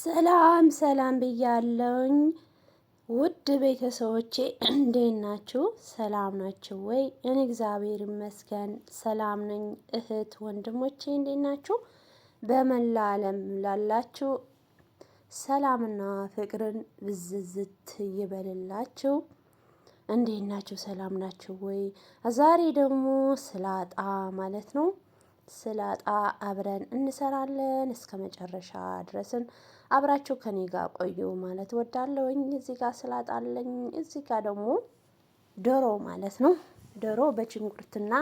ሰላም ሰላም ብያለውኝ ውድ ቤተሰቦቼ እንዴት ናችሁ? ሰላም ናችሁ ወይ? እኔ እግዚአብሔር ይመስገን ሰላም ነኝ። እህት ወንድሞቼ እንዴት ናችሁ? በመላ ዓለም ላላችሁ ሰላምና ፍቅርን ብዝዝት ይበልላችሁ። እንዴት ናችሁ? ሰላም ናችሁ ወይ? ዛሬ ደግሞ ስላጣ ማለት ነው ስላጣ አብረን እንሰራለን። እስከ መጨረሻ ድረስም አብራችሁ ከኔ ጋር ቆዩ ማለት ወዳለውኝ እዚህ ጋር ስላጣ አለኝ። እዚህ ጋር ደግሞ ዶሮ ማለት ነው። ዶሮ በችንኩርትና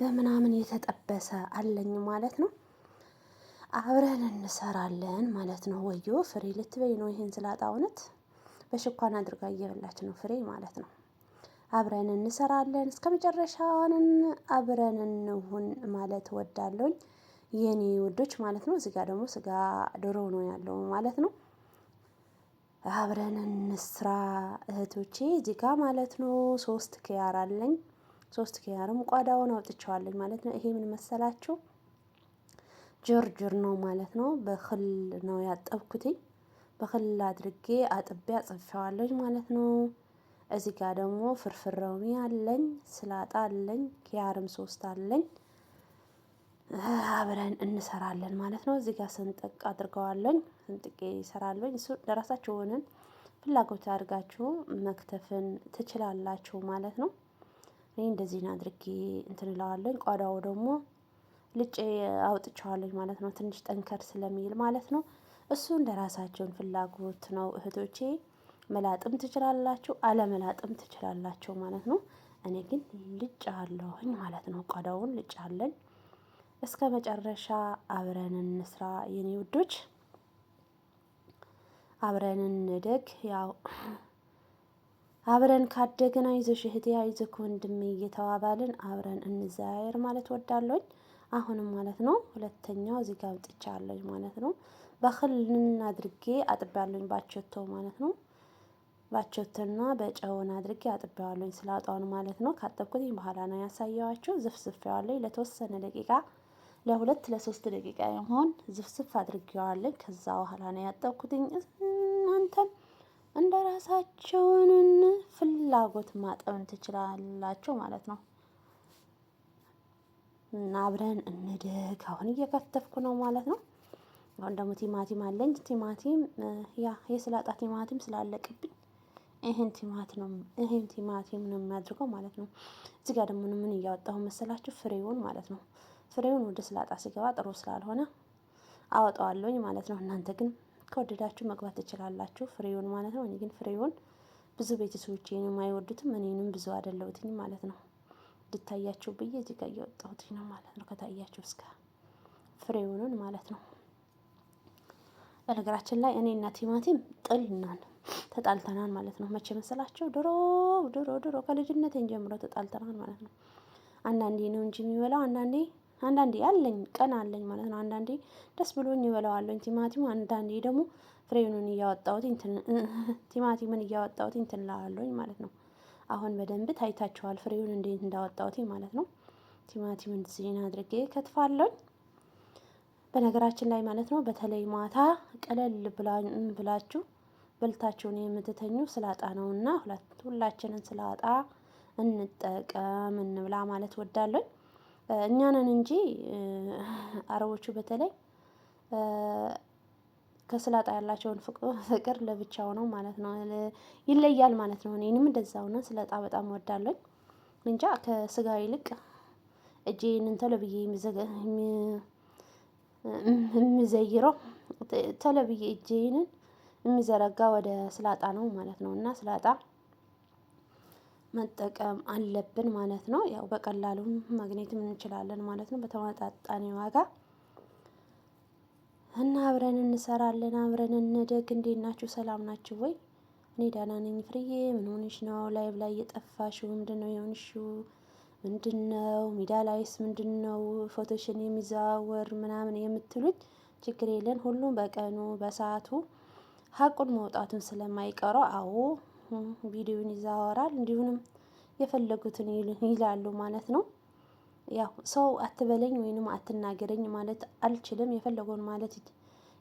በምናምን የተጠበሰ አለኝ ማለት ነው። አብረን እንሰራለን ማለት ነው። ወዮ ፍሬ ልትበይ ነው። ይህን ስላጣ እውነት በሽኳን አድርጋ እየበላች ነው ፍሬ ማለት ነው። አብረን እንሰራለን እስከ መጨረሻውን አብረን እንሁን ማለት ወዳለኝ የኔ ውዶች ማለት ነው። እዚጋ ደግሞ ስጋ ዶሮ ነው ያለው ማለት ነው። አብረን እንስራ እህቶቼ እዚጋ ማለት ነው። ሶስት ኪያር አለኝ። ሶስት ኪያርም ቋዳውን አውጥቼዋለኝ ማለት ነው። ይሄ ምን መሰላችሁ? ጆርጆር ነው ማለት ነው። በክል ነው ያጠብኩትኝ። በክል አድርጌ አጥቤ አጽፌዋለኝ ማለት ነው። እዚህ ጋር ደግሞ ፍርፍር ሮሚ አለኝ፣ ስላጣ አለኝ፣ ኪያርም ሶስት አለኝ። አብረን እንሰራለን ማለት ነው። እዚህ ጋር ስንጥቅ አድርገዋለኝ፣ ስንጥቄ ይሰራለኝ። እሱ ለራሳችሁ ሆነን ፍላጎት አድርጋችሁ መክተፍን ትችላላችሁ ማለት ነው። እኔ እንደዚህን አድርጌ እንትንለዋለኝ። ቆዳው ደግሞ ልጭ አውጥቸዋለኝ ማለት ነው። ትንሽ ጠንከር ስለሚል ማለት ነው። እሱ እንደራሳችሁን ፍላጎት ነው እህቶቼ። መላጥም ትችላላችሁ፣ አለመላጥም ትችላላችሁ ማለት ነው። እኔ ግን ልጭ አለሁኝ ማለት ነው። ቆዳውን ልጭ አለኝ። እስከ መጨረሻ አብረን እንስራ የኔ ውዶች፣ አብረን እንደግ። ያው አብረን ካደግን አይዞሽ እህቴ አይዞህ ወንድሜ እየተባባልን አብረን እንዘያየር ማለት ወዳለሁኝ። አሁንም ማለት ነው ሁለተኛው እዚህ ጋር አምጥቻለሁ ማለት ነው። በክልን አድርጌ አጥቤያለሁኝ ባቸቶ ማለት ነው። ባቾትና በጨውን አድርጌ አጥቤዋለሁኝ ስላጣውን ማለት ነው። ካጠብኩት በኋላ ነው ያሳየዋችሁ። ዝፍዝፌዋለሁኝ ለተወሰነ ደቂቃ ለሁለት ለሶስት ደቂቃ የሆን ዝፍዝፍ አድርጌዋለኝ። ከዛ በኋላ ነው ያጠብኩትኝ። እናንተም እንደ ፍላጎት ማጠብን ትችላላችሁ ማለት ነው። እና አብረን እንደግ። አሁን እየከተፍኩ ነው ማለት ነው። አሁን ደግሞ ቲማቲም አለኝ። ቲማቲም ያ የስላጣ ቲማቲም ስላለቅብኝ ይህን ቲማቲም ነው ይህን ቲማቲም ነው የሚያድርገው ማለት ነው። እዚህ ጋር ደግሞ ምን እያወጣሁ መሰላችሁ? ፍሬውን ማለት ነው። ፍሬውን ወደ ስላጣ ሲገባ ጥሩ ስላልሆነ አወጣዋለሁኝ ማለት ነው። እናንተ ግን ከወደዳችሁ መግባት ትችላላችሁ፣ ፍሬውን ማለት ነው። እኔ ግን ፍሬውን ብዙ ቤተሰቦች ነው አይወዱትም፣ እኔንም ብዙ አይደለሁትኝ ማለት ነው። እንድታያችሁ ብዬ እዚህ ጋር እያወጣሁትኝ ነው ማለት ነው። ከታያችሁ እስከ ፍሬውንን ማለት ነው። በነገራችን ላይ እኔና ቲማቲም ጥል ነን። ተጣልተናል ማለት ነው። መቼ መሰላቸው? ድሮ ድሮ ድሮ ከልጅነቴን ጀምሮ ተጣልተናል ማለት ነው። አንዳንዴ ነው እንጂ የሚበላው አንዳንዴ አንዳንዴ አለኝ ቀን አለኝ ማለት ነው። አንዳንዴ ደስ ብሎኝ እበላዋለሁኝ ቲማቲም፣ አንዳንዴ ደግሞ ፍሬኑን እያወጣሁት ቲማቲምን እያወጣሁት እንትን እላለሁኝ ማለት ነው። አሁን በደንብ ታይታችኋል ፍሬውን እንዴት እንዳወጣሁት ማለት ነው። ቲማቲምን ዚህን አድርጌ ከትፋለሁኝ። በነገራችን ላይ ማለት ነው በተለይ ማታ ቀለል ብላችሁ በልታቸውን የምትተኙ ስላጣ ነውና ሁላችንን ስላጣ እንጠቀም እንብላ ማለት ወዳለሁ። እኛንን እንጂ አረቦቹ በተለይ ከስላጣ ያላቸውን ፍቅር ለብቻው ነው ማለት ነው፣ ይለያል ማለት ነው። እኔንም እንደዛው ነው። በጣም ወዳለኝ እንጃ ከስጋ ይልቅ እጄ ተለብዬ የሚዘይረው ተለብዬ እጄንን የሚዘረጋ ወደ ስላጣ ነው ማለት ነው። እና ስላጣ መጠቀም አለብን ማለት ነው። ያው በቀላሉ ማግኘትም እንችላለን ማለት ነው በተመጣጣኔ ዋጋ እና አብረን እንሰራለን አብረን እንደግ። እንዴት ናችሁ? ሰላም ናችሁ ወይ? እኔ ደህና ነኝ። ፍርዬ ምን ሆንሽ ነው? ላይቭ ላይ የጠፋሽው ምንድን ነው የሆንሽው? ምንድን ነው ሜዳ ላይስ ምንድን ነው ፎቶሽን የሚዘዋወር ምናምን የምትሉኝ ችግር የለን። ሁሉም በቀኑ በሰዓቱ ሀቁን መውጣቱን ስለማይቀረው አዎ ቪዲዮን ይዛወራል እንዲሁንም የፈለጉትን ይላሉ ማለት ነው። ያው ሰው አትበለኝ ወይንም አትናገረኝ ማለት አልችልም፣ የፈለገውን ማለት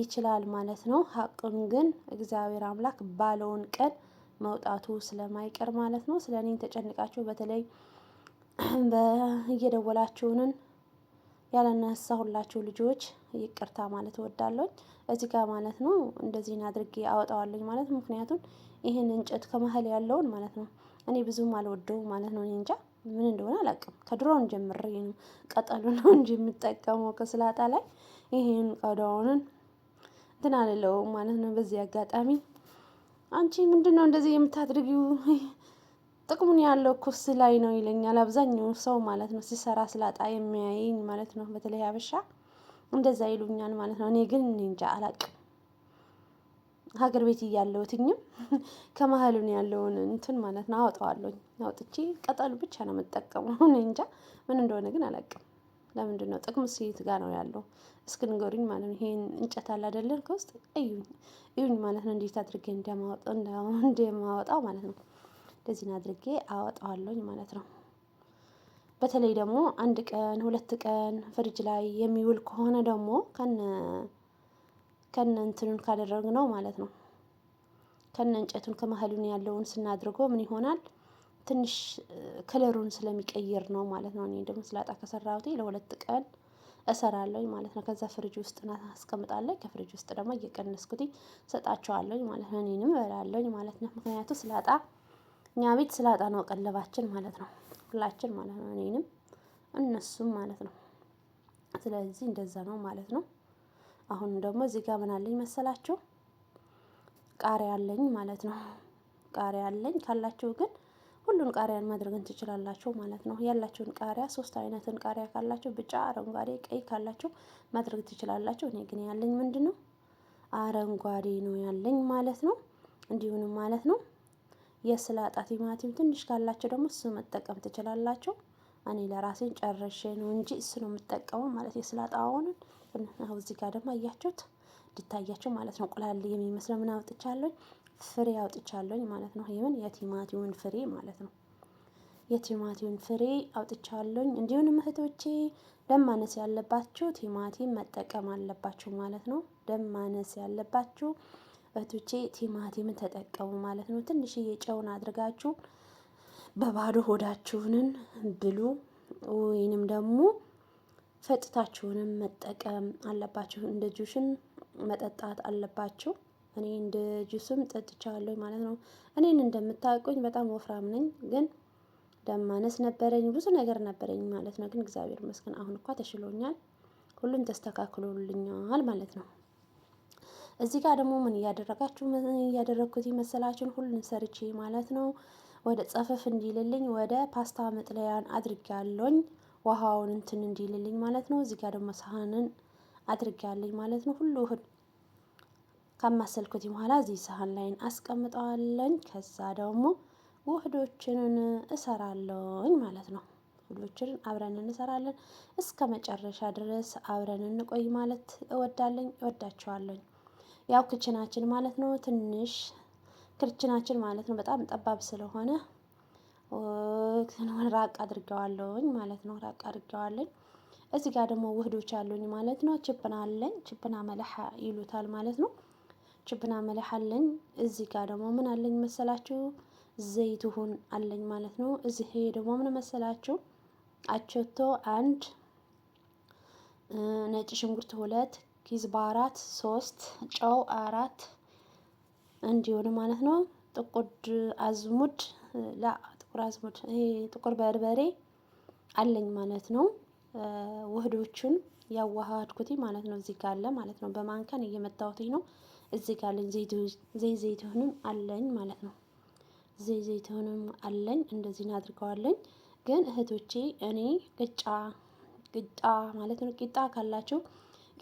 ይችላል ማለት ነው። ሀቁን ግን እግዚአብሔር አምላክ ባለውን ቀን መውጣቱ ስለማይቀር ማለት ነው። ስለ እኔም ተጨንቃችሁ በተለይ ያለነሳ ሁላችሁ ልጆች ይቅርታ ማለት እወዳለሁ። እዚህ ጋር ማለት ነው እንደዚህን አድርጌ አወጣዋለኝ ማለት ምክንያቱም ይሄን እንጨት ከመሀል ያለውን ማለት ነው እኔ ብዙም አልወደውም ማለት ነው። እኔ እንጃ ምን እንደሆነ አላውቅም። ከድሮውን ጀምር ነው ነው እንጂ የምጠቀመው ከስላጣ ላይ ይሄን ቆዳውንን እንትን አልለውም ማለት ነው። በዚህ አጋጣሚ አንቺ ምንድነው እንደዚህ የምታድርጊው? ጥቅሙን ያለው ኩስ ላይ ነው ይለኛል አብዛኛው ሰው ማለት ነው ሲሰራ ስላጣ የሚያየኝ ማለት ነው። በተለይ ሀበሻ እንደዛ ይሉኛል ማለት ነው። እኔ ግን እንጃ አላቅም። ሀገር ቤት እያለሁትኝም ከመሀሉን ያለውን እንትን ማለት ነው አወጣዋለሁኝ። አውጥቼ ቀጠሉ ብቻ ነው የምጠቀመው። እኔ እንጃ ምን እንደሆነ ግን አላቅም። ለምንድን ነው ጥቅም ሴት ጋር ነው ያለው? እስኪ ንገሩኝ ማለት ነው። ይሄን እንጨት አለ አይደለን ከውስጥ እዩኝ እዩኝ ማለት ነው። እንዴት አድርጌ እንደማወጣው ማለት ነው። እንደዚህ አድርጌ አወጣዋለሁኝ ማለት ነው። በተለይ ደግሞ አንድ ቀን ሁለት ቀን ፍሪጅ ላይ የሚውል ከሆነ ደግሞ ከነ ከነ እንትኑን ነው ማለት ነው ከነ እንጨቱን ከመሀሉን ያለውን ስናድርገው ምን ይሆናል? ትንሽ ከለሩን ስለሚቀይር ነው ማለት ነው። እኔ ደግሞ ስላጣ ከሰራሁት ለሁለት ቀን እሰራለሁ ማለት ነው። ከዛ ፍሪጅ ውስጥ አስቀምጣለሁ። ከፍሪጅ ውስጥ ደግሞ እየቀነስኩት ሰጣቸዋለሁ ማለት ነው። እኔንም እበላለሁ ማለት ነው። ምክንያቱ ስላጣ እኛ ቤት ስላጣ ነው ቀለባችን ማለት ነው። ሁላችን ማለት ነው፣ እኔንም እነሱም ማለት ነው። ስለዚህ እንደዛ ነው ማለት ነው። አሁን ደግሞ እዚህ ጋር ምን አለኝ መሰላችሁ? ቃሪያ አለኝ ማለት ነው። ቃሪያ አለኝ ካላችሁ ግን ሁሉን ቃሪያን ማድረግን ትችላላችሁ ማለት ነው። ያላችሁን ቃሪያ ሶስት አይነትን ቃሪያ ካላችሁ ቢጫ፣ አረንጓዴ፣ ቀይ ካላችሁ ማድረግ ትችላላችሁ። እኔ ግን ያለኝ ምንድን ነው አረንጓዴ ነው ያለኝ ማለት ነው። እንዲሁንም ማለት ነው የስላጣ ቲማቲም ትንሽ ካላቸው ደግሞ እሱ መጠቀም ትችላላቸው። እኔ ለራሴን ጨርሼ ነው እንጂ እሱ ነው የምጠቀመው ማለት የስላጣ አሁንን አሁን እዚህ ጋር ደግሞ አያችሁት እንዲታያቸው ማለት ነው። ቁላል የሚመስለው ምን አውጥቻለሁ ፍሬ አውጥቻለሁኝ ማለት ነው። ይህን የቲማቲውን ፍሬ ማለት ነው። የቲማቲውን ፍሬ አውጥቻለሁኝ። እንዲሁም እህቶቼ ደም ማነስ ያለባችሁ ቲማቲም መጠቀም አለባችሁ ማለት ነው። ደም ማነስ ያለባችሁ እህቶቼ ቲማቲምን ተጠቀሙ ማለት ነው። ትንሽዬ ጨውን አድርጋችሁ በባዶ ሆዳችሁንን ብሉ ወይንም ደግሞ ፈጭታችሁንም መጠቀም አለባችሁ። እንደ ጁሽን መጠጣት አለባችሁ። እኔ እንደ ጁስም ጠጥቻለሁ ማለት ነው። እኔን እንደምታውቁኝ በጣም ወፍራም ነኝ፣ ግን ደማነስ ነበረኝ፣ ብዙ ነገር ነበረኝ ማለት ነው። ግን እግዚአብሔር ይመስገን አሁን እኳ ተሽሎኛል፣ ሁሉም ተስተካክሎልኛል ማለት ነው። እዚህ ጋር ደግሞ ምን እያደረጋችሁ እያደረግኩት ይመስላችሁን? ሁሉን ሰርቼ ማለት ነው ወደ ጸፈፍ እንዲልልኝ ወደ ፓስታ መጥለያን አድርጌያለሁኝ። ውሃውን እንትን እንዲልልኝ ማለት ነው። እዚህ ጋር ደግሞ ሳህንን አድርጌያለኝ ማለት ነው። ሁሉ እህል ከማሰልኩት በኋላ እዚህ ሳህን ላይን አስቀምጠዋለኝ። ከዛ ደግሞ ውህዶችንን እሰራለኝ ማለት ነው። ውህዶችንን አብረን እንሰራለን እስከ መጨረሻ ድረስ አብረን እንቆይ ማለት እወዳለኝ እወዳቸዋለኝ። ያው ክችናችን ማለት ነው ትንሽ ክችናችን ማለት ነው በጣም ጠባብ ስለሆነ ራቅ አድርገዋለሁኝ ማለት ነው። ራቅ አድርገዋለኝ እዚህ ጋር ደግሞ ውህዶች አሉኝ ማለት ነው። ችብና አለኝ ችብና መለሐ ይሉታል ማለት ነው። ችብና መለሐ አለኝ እዚህ ጋር ደግሞ ምን አለኝ መሰላችሁ? ዘይትሁን አለኝ ማለት ነው። እዚህ ደግሞ ምን መሰላችሁ? አቸቶ አንድ፣ ነጭ ሽንኩርት ሁለት፣ ኪዝባራ አራት ሶስት ጨው አራት እንዲሆን ማለት ነው። ጥቁር አዝሙድ ላ ጥቁር አዝሙድ ይሄ ጥቁር በርበሬ አለኝ ማለት ነው። ውህዶቹን ያዋሃድኩት ማለት ነው። እዚህ ጋር አለ ማለት ነው። በማንከን እየመታወትኝ ነው። እዚህ ጋር አለኝ። ዘይ ዘይቱንም አለኝ ማለት ነው። ዘይ ዘይቱንም አለኝ። እንደዚህ አድርገዋለኝ። ግን እህቶቼ እኔ ቅጫ ቅጫ ማለት ነው ቂጣ ካላችሁ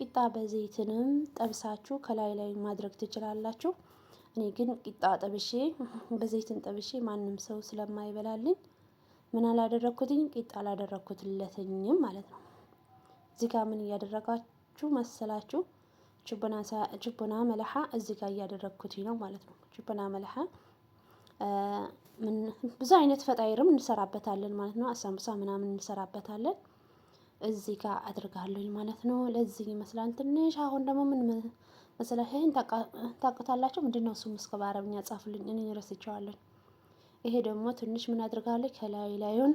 ቂጣ በዘይትንም ጠብሳችሁ ከላይ ላይ ማድረግ ትችላላችሁ። እኔ ግን ቂጣ ጠብሼ በዘይትን ጠብሼ ማንም ሰው ስለማይበላልኝ ምን አላደረግኩትኝ ቂጣ አላደረግኩትለትኝም ማለት ነው። እዚህ ጋር ምን እያደረጋችሁ መሰላችሁ? ችቦና መለሓ እዚህ ጋር እያደረግኩት ነው ማለት ነው። ችቦና መለሓ ብዙ አይነት ፈጣይርም እንሰራበታለን ማለት ነው። አሳምሳ ምናምን እንሰራበታለን። እዚህ ጋር አድርጋለኝ ማለት ነው። ለዚህ ይመስላል ትንሽ። አሁን ደግሞ ምን መሰለህ ይህን ታቅታላቸው ምንድን ነው እሱም እስከ በአረብኛ ጻፍልኝ፣ እኔ ረስቸዋለሁ። ይሄ ደግሞ ትንሽ ምን አድርጋለች ከላይ ላዩን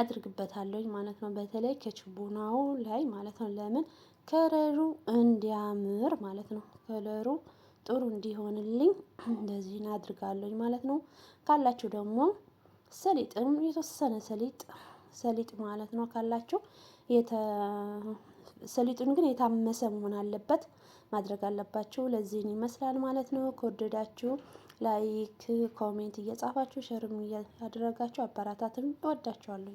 አድርግበታለሁ ማለት ነው። በተለይ ከችቡናው ላይ ማለት ነው። ለምን ከለሩ እንዲያምር ማለት ነው። ከለሩ ጥሩ እንዲሆንልኝ እንደዚህን አድርጋለሁ ማለት ነው። ካላችሁ ደግሞ ሰሊጥም የተወሰነ ሰሊጥ ሰሊጥ ማለት ነው ካላችሁ ሰሊጡን ግን የታመሰ መሆን አለበት ማድረግ አለባችሁ። ለዚህን ይመስላል ማለት ነው። ከወደዳችሁ ላይክ ኮሜንት እየጻፋችሁ ሸርም እያደረጋችሁ አበራታትም እወዳችኋለሁ።